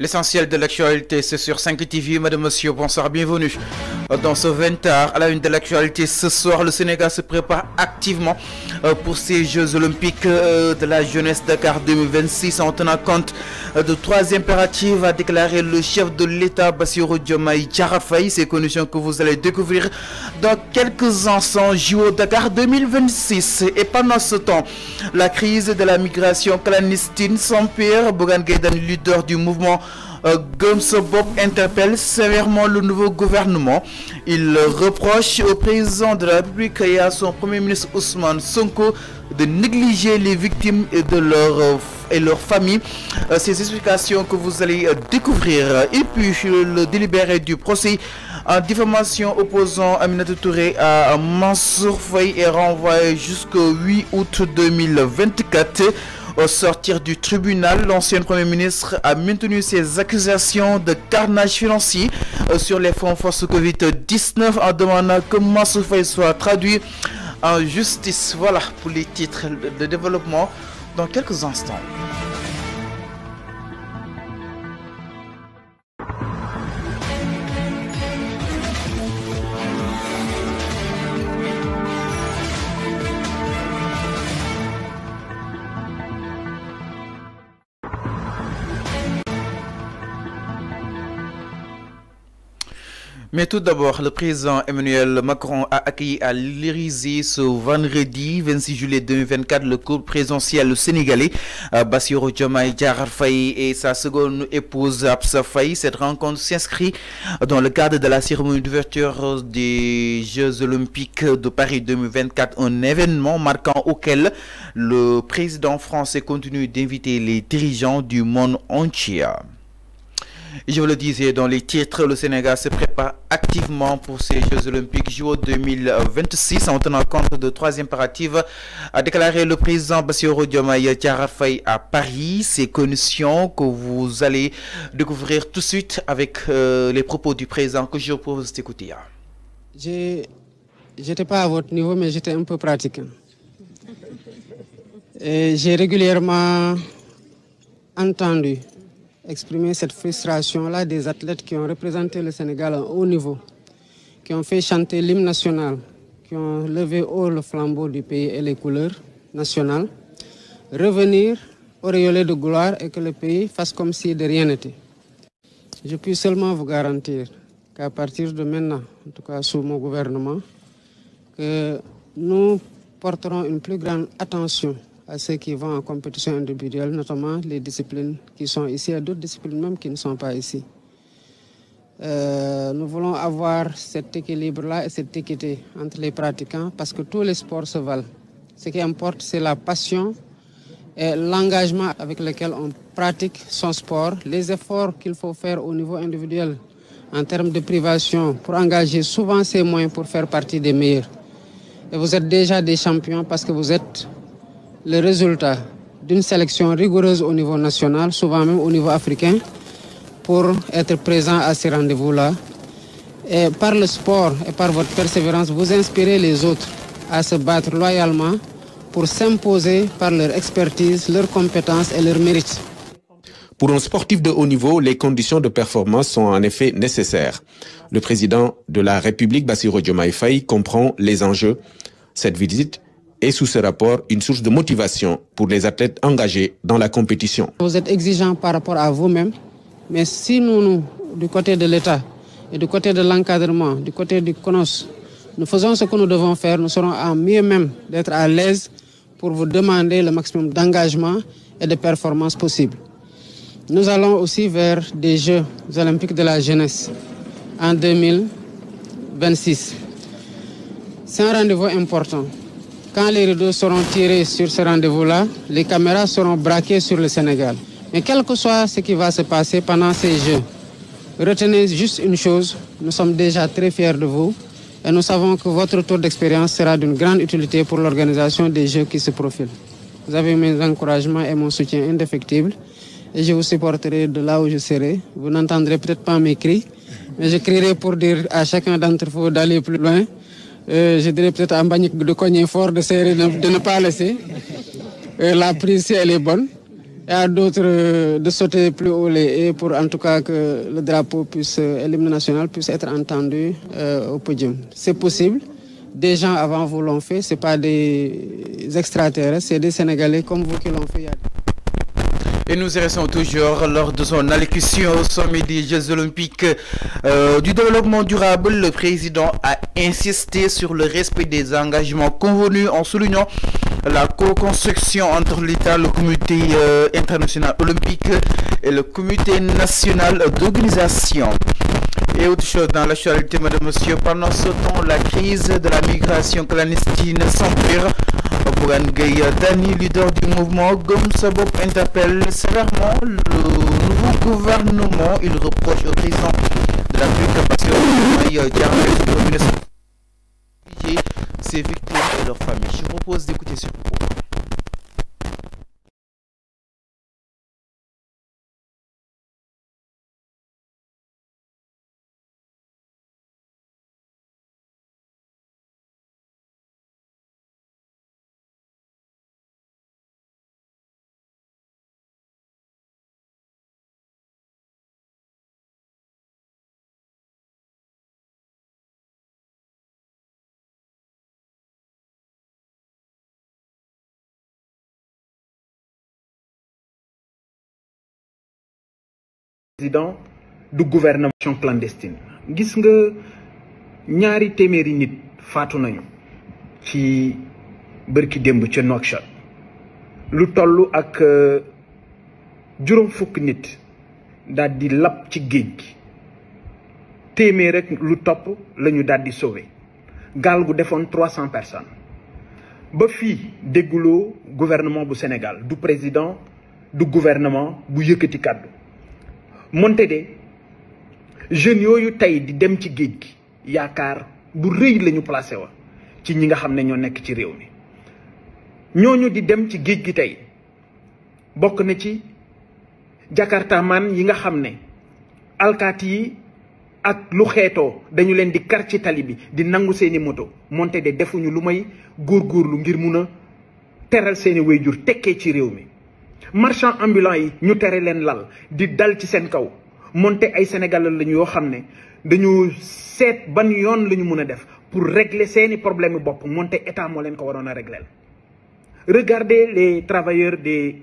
L'essentiel de l'actualité, c'est sur 5 TV. Madame, Monsieur, bonsoir, bienvenue. Euh, dans ce 20h, à la une de l'actualité, ce soir, le Sénégal se prépare activement euh, pour ces Jeux Olympiques euh, de la jeunesse Dakar 2026 en tenant compte de trois impératifs, a déclaré le chef de l'État, Bassirou Diomaye Diarafaï. Ces conditions que vous allez découvrir dans quelques instants, JO Dakar 2026. Et pendant ce temps, la crise de la migration clandestine s'empire. Bogan Gaidan leader du mouvement euh, Gomes interpelle sévèrement le nouveau gouvernement. Il reproche au président de la République et à son premier ministre Ousmane Sonko de négliger les victimes et leurs leur euh, euh, Ces explications que vous allez découvrir. Et puis le délibéré du procès en diffamation opposant Aminata Touré à Mansour Faye et renvoyé jusqu'au 8 août 2024. Au sortir du tribunal, l'ancien Premier ministre a maintenu ses accusations de carnage financier euh, sur les fonds force Covid-19 en demandant ce fait soit traduit en justice. Voilà pour les titres de développement dans quelques instants. Mais tout d'abord, le président Emmanuel Macron a accueilli à l'Élysée ce vendredi 26 juillet 2024 le couple présidentiel sénégalais euh, Bassirou Diomaye et sa seconde épouse Absa Faye. Cette rencontre s'inscrit dans le cadre de la cérémonie d'ouverture des Jeux olympiques de Paris 2024, un événement marquant auquel le président français continue d'inviter les dirigeants du monde entier. Je vous le disais dans les titres, le Sénégal se prépare activement pour ces Jeux Olympiques JO 2026 en tenant compte de trois impératifs, a déclaré le président Bassirou Diomaye Tiarafay à Paris. Ces conditions que vous allez découvrir tout de suite avec euh, les propos du président que je propose d'écouter. n'étais pas à votre niveau, mais j'étais un peu pratique. J'ai régulièrement entendu exprimer cette frustration-là des athlètes qui ont représenté le Sénégal à haut niveau, qui ont fait chanter l'hymne national, qui ont levé haut le flambeau du pays et les couleurs nationales, revenir auréolé de gloire et que le pays fasse comme si de rien n'était. Je puis seulement vous garantir qu'à partir de maintenant, en tout cas sous mon gouvernement, que nous porterons une plus grande attention à ceux qui vont en compétition individuelle, notamment les disciplines qui sont ici et d'autres disciplines même qui ne sont pas ici. Euh, nous voulons avoir cet équilibre-là et cette équité entre les pratiquants parce que tous les sports se valent. Ce qui importe, c'est la passion et l'engagement avec lequel on pratique son sport, les efforts qu'il faut faire au niveau individuel en termes de privation pour engager souvent ses moyens pour faire partie des meilleurs. Et vous êtes déjà des champions parce que vous êtes le résultat d'une sélection rigoureuse au niveau national, souvent même au niveau africain, pour être présent à ces rendez-vous-là. Et par le sport et par votre persévérance, vous inspirez les autres à se battre loyalement pour s'imposer par leur expertise, leurs compétences et leurs mérites. Pour un sportif de haut niveau, les conditions de performance sont en effet nécessaires. Le président de la République, Bassirou Diomaye comprend les enjeux. Cette visite et sous ce rapport une source de motivation pour les athlètes engagés dans la compétition. Vous êtes exigeants par rapport à vous-même, mais si nous, nous, du côté de l'État et du côté de l'encadrement, du côté du CONOS, nous faisons ce que nous devons faire, nous serons à mieux même d'être à l'aise pour vous demander le maximum d'engagement et de performance possible. Nous allons aussi vers des Jeux olympiques de la jeunesse en 2026. C'est un rendez-vous important. Quand les rideaux seront tirés sur ce rendez-vous-là, les caméras seront braquées sur le Sénégal. Mais quel que soit ce qui va se passer pendant ces Jeux, retenez juste une chose, nous sommes déjà très fiers de vous et nous savons que votre tour d'expérience sera d'une grande utilité pour l'organisation des Jeux qui se profilent. Vous avez mes encouragements et mon soutien indéfectible et je vous supporterai de là où je serai. Vous n'entendrez peut-être pas mes cris, mais je crierai pour dire à chacun d'entre vous d'aller plus loin euh, je dirais peut-être à Mbanique de cogner fort, de de ne pas laisser. Euh, la prise, elle est bonne. Et à d'autres euh, de sauter plus haut les pour en tout cas que le drapeau puisse, l'hymne national puisse être entendu au podium. C'est possible. Des gens avant vous l'ont fait, ce pas des extraterrestres, c'est des Sénégalais comme vous qui l'ont fait. Et nous y restons toujours lors de son allocution au sommet des Jeux olympiques euh, du développement durable. Le président a insisté sur le respect des engagements convenus en soulignant la co-construction entre l'État, le comité euh, international olympique et le comité national d'organisation. Et autre chose dans l'actualité, madame, monsieur, pendant ce temps, la crise de la migration clandestine s'empire. Bougan Dani, leader du mouvement Gomsabop, interpelle sévèrement le nouveau gouvernement. Il reproche aux président de la plus capacité de ses victimes et leurs familles. Je vous propose d'écouter ce propos. président du gouvernement clandestine gis nga ñaari qui nit été nañu ci des lu ont ak durant euh, fuk nit di ci ont été rek lu lañu sauvé gu 300 personnes ba ont gouvernement du Sénégal du président du gouvernement bu été kàddu moonte de jeunes yooyu tey di dem ci géej gi yaakaar bu rëy lañu ñu placé wa ci ñi nga xam ne ñoo nekk ci réew mi ñooñu di dem ci géej gi tey bokk na ci jakartaman yi nga xam ne alkaati yi ak lu xeetoo dañu leen di kar ci tali bi di nangu seeni moto moonte de defuñu lu may góor góorgóorlu ngir mun a teral seeni wéyjur tekkee ci réew mi marchands ambulants yi ñu téré len lal di dal ci sen kaw monte ay sénégalais lañu yo xamné ne dañu sét ban yoon lañu mëna def pour régler seeni problèmes bop monté état mo leen ko warona a régler regardez les travailleurs des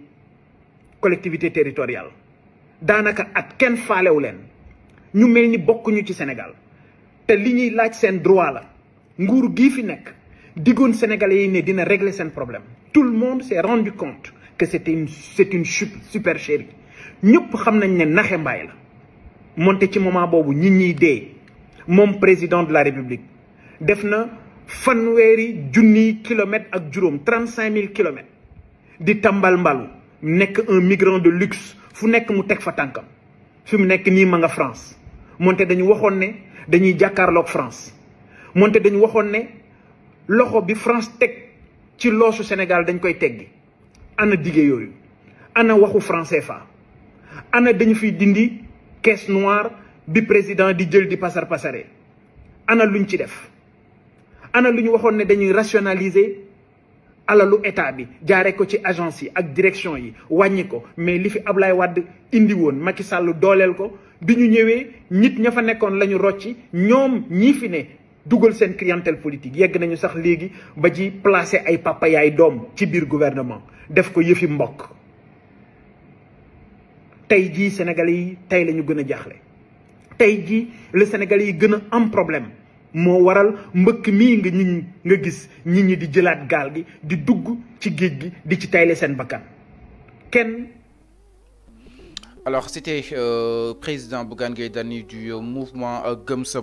collectivités territoriales danaka at kenn faalewu len ñu melni bokku ñu ci Sénégal té li ñuy laaj seen droit la nguur gi fi nek diggoon sénégalais yi ne dina régler seen problème tout le monde s'est rendu compte que c'était une c'est une nous chérie ñep xamnañ né naxé la ci moment nous ñi président de la république defna kilomètres ak kilomètres di tambal un migrant de luxe fu mu fa ma France monté dañu dañuy France monté dañu loxo bi France ci Sénégal dañ koy ana dige yooyu ana waxu franc CFA ana dañu fi dindi caisse noire bi président di jël di pasar pasare ana luñ ci def ana lu ñu waxoon ne dañuy rationaliser alalu état bi jaaree ko ci agence yi ak direction yi wàññi ko mais li fi Ablaye Wade indi woon Macky Sall dooleel ko bi ñu ñëwee nit ña fa nekkoon la ñu rocci ñoom ñii fi ne dugal sen clientèle politique yegg nañu sax légui ba ci placer ay papa yaay dom ci bir gouvernement def ko yëfi mbokk tay ji sénégalais yi tey la ñu gën a jaaxle sénégalais yi am problème mo waral mbëkk mi nga nga gis nit ñi di jëlat gal gi di dugg ci géej gi di ci taylé sen bakkan ken alors, c'était le euh, président Bougan du euh, mouvement euh,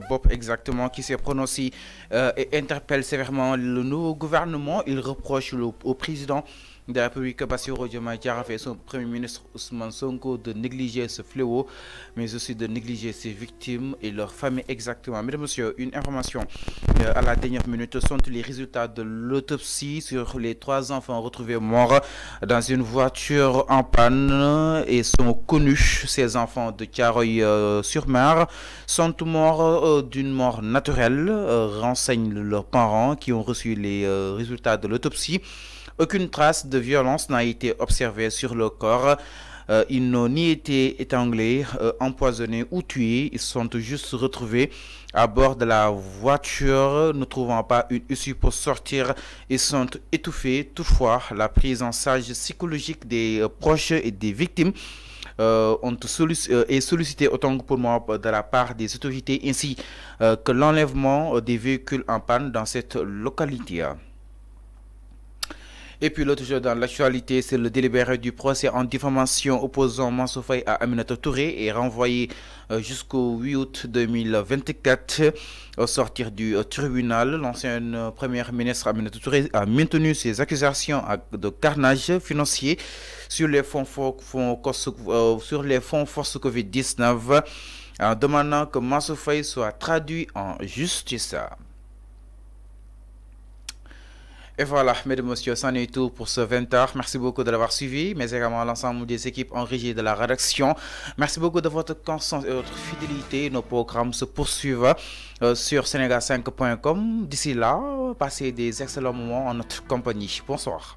Bob exactement, qui s'est prononcé euh, et interpelle sévèrement le nouveau gouvernement. Il reproche au président de la République son Premier ministre Ousmane Sonko de négliger ce fléau, mais aussi de négliger ses victimes et leurs familles exactement. Mesdames, Messieurs, une information euh, à la dernière minute sont les résultats de l'autopsie sur les trois enfants retrouvés morts dans une voiture en panne et sont connus. Ces enfants de Caroy-sur-Mer euh, sont morts euh, d'une mort naturelle, renseignent leurs parents qui ont reçu les résultats de l'autopsie. Aucune trace de violence n'a été observée sur le corps. Euh, ils n'ont ni été étanglés, euh, empoisonnés ou tués. Ils sont juste retrouvés à bord de la voiture, ne trouvant pas une issue pour sortir. Ils sont étouffés. Toutefois, la prise en charge psychologique des euh, proches et des victimes ont est sollicité autant pour moi de la part des autorités ainsi que l'enlèvement des véhicules en panne dans cette localité. Et puis l'autre jour dans l'actualité, c'est le délibéré du procès en diffamation opposant Mansoufay à Aminata Touré et renvoyé euh, jusqu'au 8 août 2024. Au sortir du euh, tribunal, l'ancienne euh, première ministre Aminata Touré a maintenu ses accusations de carnage financier sur les fonds, sur les fonds force COVID-19 en demandant que Mansoufay soit traduit en justice. Et voilà, mesdames, messieurs, c'en est tout pour ce 20h. Merci beaucoup de l'avoir suivi, mais également l'ensemble des équipes en régie de la rédaction. Merci beaucoup de votre conscience et votre fidélité. Nos programmes se poursuivent euh, sur sénégal5.com. D'ici là, passez des excellents moments en notre compagnie. Bonsoir.